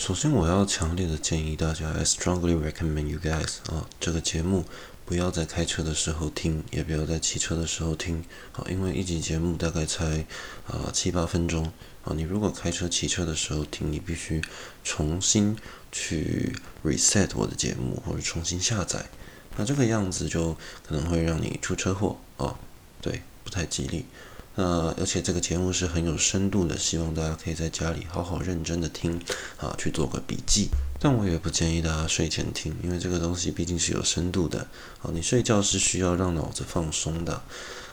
首先，我要強烈的建議大家，I strongly recommend you guys，啊、哦，這個節目不要在開車的時候聽，也不要在騎車的時候聽，啊、哦，因為一集節目大概才啊、呃、七八分鐘，啊、哦，你如果開車、騎車的時候聽，你必須重新去 reset 我的節目或者重新下載，那這個樣子就可能會讓你出車禍，啊、哦，對，不太吉利。呃，而且這個節目是很有深度的，希望大家可以在家裡好好認真的聽，啊，去做個筆記。但我也不建議大家睡前聽，因為這個東西畢竟是有深度的，好、啊，你睡覺是需要讓腦子放鬆的。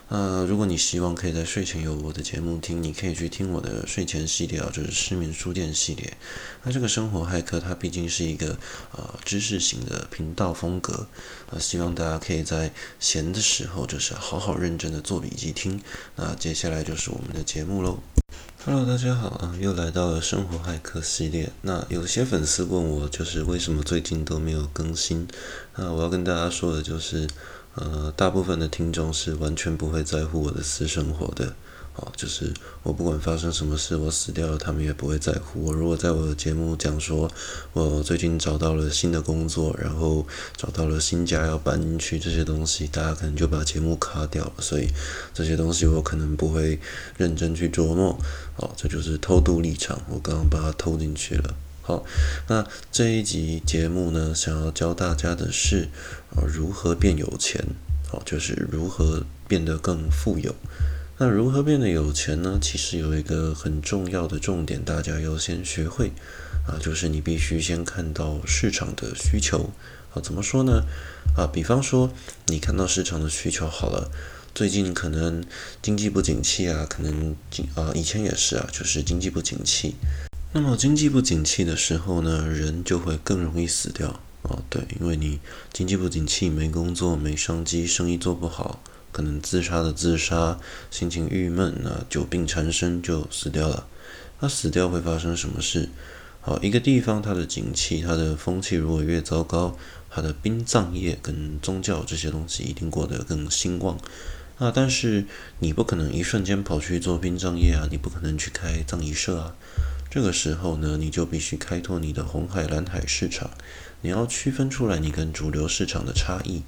呃，如果你希望可以在睡前有我的節目聽，你可以去聽我的睡前系列啊，就是失眠書店系列。那、啊、這個生活駭客它畢竟是一個呃知識型的頻道風格，呃、啊，希望大家可以在閒的時候就是好好認真的做筆記聽。那、啊、接下來就是我們的節目嘍。Hello，大家好啊，又來到了生活駭客系列。那有些粉絲問我，就是為什麼最近都沒有更新？那我要跟大家說的，就是呃，大部分的聽眾是完全不會在乎我的私生活的。好，就是我不管發生什麼事，我死掉了，他們也不會在乎。我如果在我的節目講說，我最近找到了新的工作，然後找到了新家要搬進去這些東西，大家可能就把節目卡掉了。所以這些東西我可能不會認真去琢磨。好，這就是偷渡立場，我剛剛把它偷進去了。好，那這一集節目呢，想要教大家的是如何變有錢？好，就是如何變得更富有。那如何變得有錢呢？其實有一個很重要的重點，大家要先學會啊，就是你必須先看到市場的需求啊。怎麼說呢？啊，比方說你看到市場的需求好了，最近可能經濟不景氣啊，可能經啊以前也是啊，就是經濟不景氣。那麼經濟不景氣的時候呢，人就會更容易死掉啊。對，因為你經濟不景氣，沒工作，沒商機，生意做不好。可能自殺的自殺，心情鬱悶，啊，久病纏身就死掉了。那死掉會發生什麼事？好，一個地方，它的景氣、它的風氣如果越糟糕，它的殯葬業跟宗教這些東西一定過得更興旺。那但是你不可能一瞬間跑去做殯葬業啊，你不可能去開葬儀社啊。這個時候呢，你就必須開拓你的紅海、藍海市場。你要區分出來你跟主流市場的差異。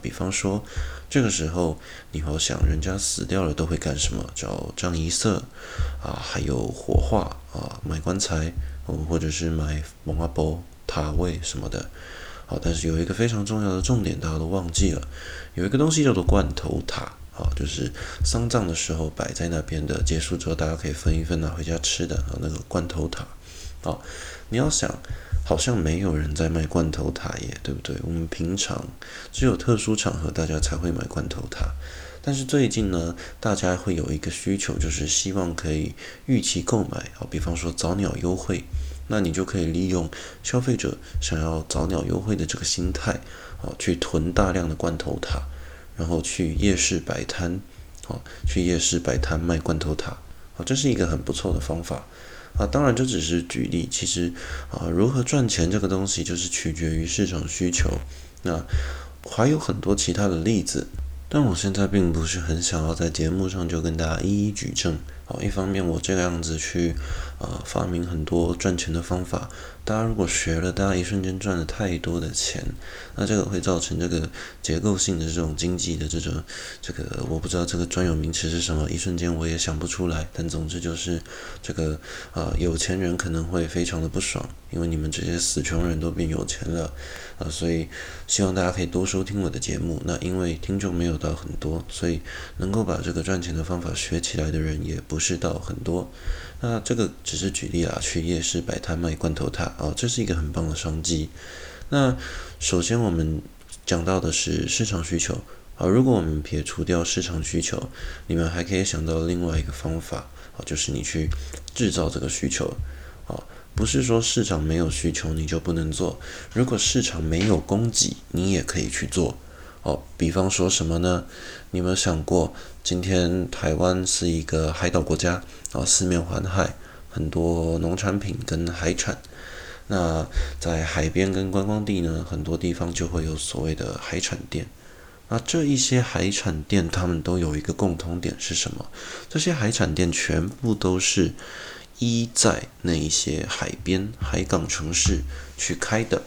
比方說，這個時候你好像人家死掉了都會幹什麼？叫葬儀社，啊，還有火化，啊，買棺材，哦、嗯，或者是買墓仔埔、塔位什麼的。好、啊，但是有一個非常重要的重點，大家都忘記了，有一個東西叫做罐頭塔，啊，就是喪葬的時候擺在那邊的，結束之後大家可以分一分拿、啊、回家吃的啊，那個罐頭塔。啊、哦，你要想，好像沒有人在賣罐頭塔耶，對不對？我們平常只有特殊場合，大家才會買罐頭塔。但是最近呢，大家會有一個需求，就是希望可以預期購買啊、哦。比方說早鳥優惠，那你就可以利用消費者想要早鳥優惠的這個心態啊、哦，去囤大量的罐頭塔，然後去夜市擺攤，啊、哦，去夜市擺攤賣罐頭塔，啊、哦，這是一個很不錯的方法。啊，當然這只是舉例，其實啊，如何賺錢這個東西就是取決於市場需求，那、啊、還有很多其他的例子，但我現在並不是很想要在節目上就跟大家一一舉證。一方面我這個樣子去，呃，發明很多賺錢的方法，大家如果學了，大家一瞬間賺了太多的錢，那這個會造成這個結構性的這種經濟的這種，這個我不知道這個專有名詞是什麼，一瞬間我也想不出來，但總之就是這個，呃，有錢人可能會非常的不爽，因為你們這些死窮人都變有錢了，呃，所以希望大家可以多收聽我的節目，那因為聽眾沒有到很多，所以能夠把這個賺錢的方法學起來的人也不。是到很多，那這個只是舉例啦。去夜市擺攤賣罐頭塔啊，哦，這是一個很棒的商機。那首先我們講到的是市場需求啊。如果我們撇除掉市場需求，你們還可以想到另外一個方法啊，就是你去製造這個需求啊。不是說市場沒有需求你就不能做，如果市場沒有供給，你也可以去做。哦，比方說什麼呢？你有沒有想過，今天台灣是一個海島國家啊，四面環海，很多農產品跟海產。那在海邊跟觀光地呢，很多地方就會有所謂的海產店。那這一些海產店，他們都有一個共同點是什麼？這些海產店全部都是依在那一些海邊、海港城市去開的。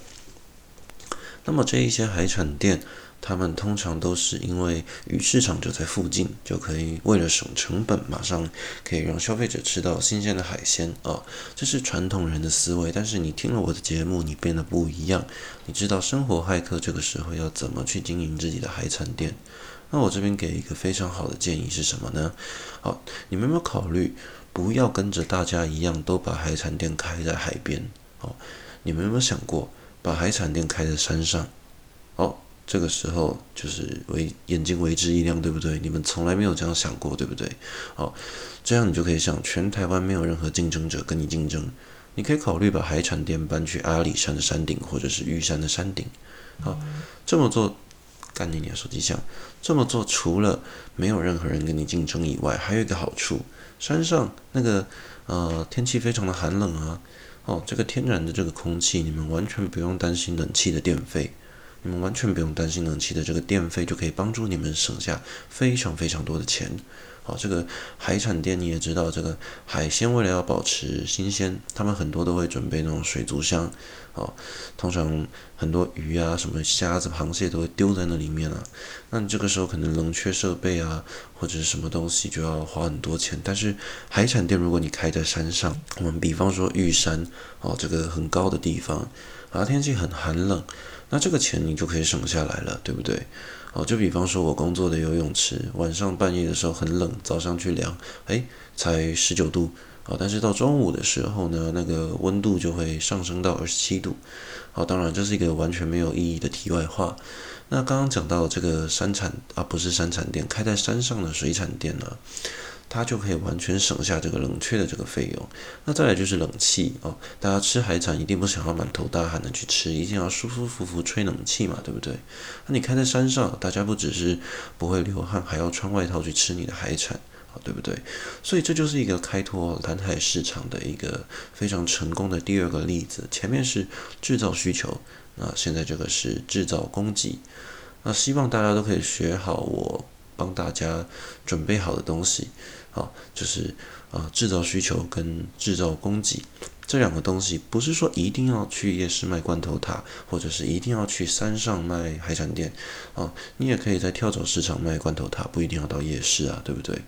那麼這一些海產店，他們通常都是因為魚市場就在附近，就可以為了省成本，馬上可以讓消費者吃到新鮮的海鮮哦，這是傳統人的思維。但是你聽了我的節目，你變得不一樣。你知道生活駭客這個時候要怎麼去經營自己的海產店？那我這邊給一個非常好的建議是什麼呢？好，你們有沒有考慮不要跟着大家一樣都把海產店開在海邊？哦，你們有沒有想過把海產店開在山上？哦。這個時候就是為眼睛為之一亮，對不對？你們從來沒有這樣想過，對不對？好，這樣你就可以想，全台灣沒有任何競爭者跟你競爭，你可以考慮把海產店搬去阿里山的山頂或者是玉山的山頂。好，這麼做，幹你娘，手機響。這麼做除了沒有任何人跟你競爭以外，還有一個好處，山上那個呃天氣非常的寒冷啊，哦，這個天然的這個空氣，你們完全不用擔心冷氣的電費。你們完全不用擔心冷氣的這個電費，就可以幫助你們省下非常非常多的錢。好，這個海產店你也知道，這個海鮮為了要保持新鮮，他們很多都會準備那種水族箱。好、哦，通常很多魚啊、什麼蝦子、螃蟹都會丟在那裡面啊。那你這個時候可能冷卻設備啊，或者是什麼東西就要花很多錢。但是海產店如果你開在山上，我們比方說玉山，好、哦，這個很高的地方，啊，天氣很寒冷。那這個錢你就可以省下來了，對不對？哦，就比方說我工作的游泳池，晚上半夜的時候很冷，早上去量，哎，才十九度啊。但是到中午的時候呢，那個溫度就會上升到二十七度。好，當然這是一個完全沒有意義的題外話。那剛剛講到這個山產啊，不是山產店，開在山上的水產店呢、啊。它就可以完全省下這個冷卻的這個費用。那再來就是冷氣啊，哦！大家吃海產一定不想要滿頭大汗的去吃，一定要舒舒服服吹冷氣嘛，對不對？那你開在山上，大家不只是不會流汗，還要穿外套去吃你的海產，對不對？所以這就是一個開拓藍海市場的一個非常成功的第二個例子。前面是製造需求，那現在這個是製造供給。那希望大家都可以學好我幫大家準備好的東西。啊、哦，就是啊，呃、製造需求跟製造供給這兩個東西，不是說一定要去夜市賣罐頭塔，或者是一定要去山上賣海產店，啊、哦，你也可以在跳蚤市場賣罐頭塔，不一定要到夜市啊，對不對？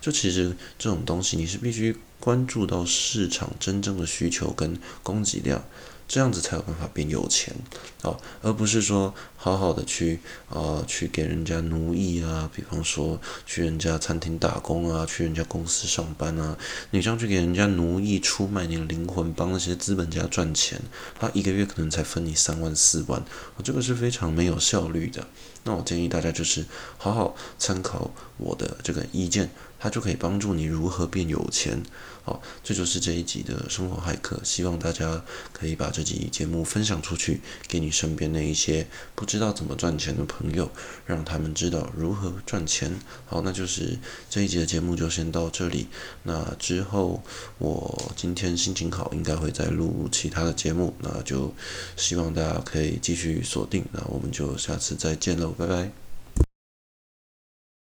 就其實這種東西，你是必須關注到市場真正的需求跟供給量，這樣子才有辦法變有錢啊、哦，而不是說。好好的去啊，呃，去給人家奴役啊，比方說去人家餐廳打工啊，去人家公司上班啊，你這樣去給人家奴役出賣你的靈魂，幫那些資本家賺錢，他一個月可能才分你三萬四萬，哦，這個是非常沒有效率的。那我建議大家就是好好參考我的這個意見，它就可以幫助你如何變有錢。好，哦，這就是這一集的生活駭客，希望大家可以把這集節目分享出去，給你身邊的一些不知。知道怎麼賺錢的朋友，讓他們知道如何賺錢。好，那就是這一集的節目就先到這裡。那之後我今天心情好，應該會再錄其他的節目。那就希望大家可以繼續鎖定。那我們就下次再見嘍，拜拜。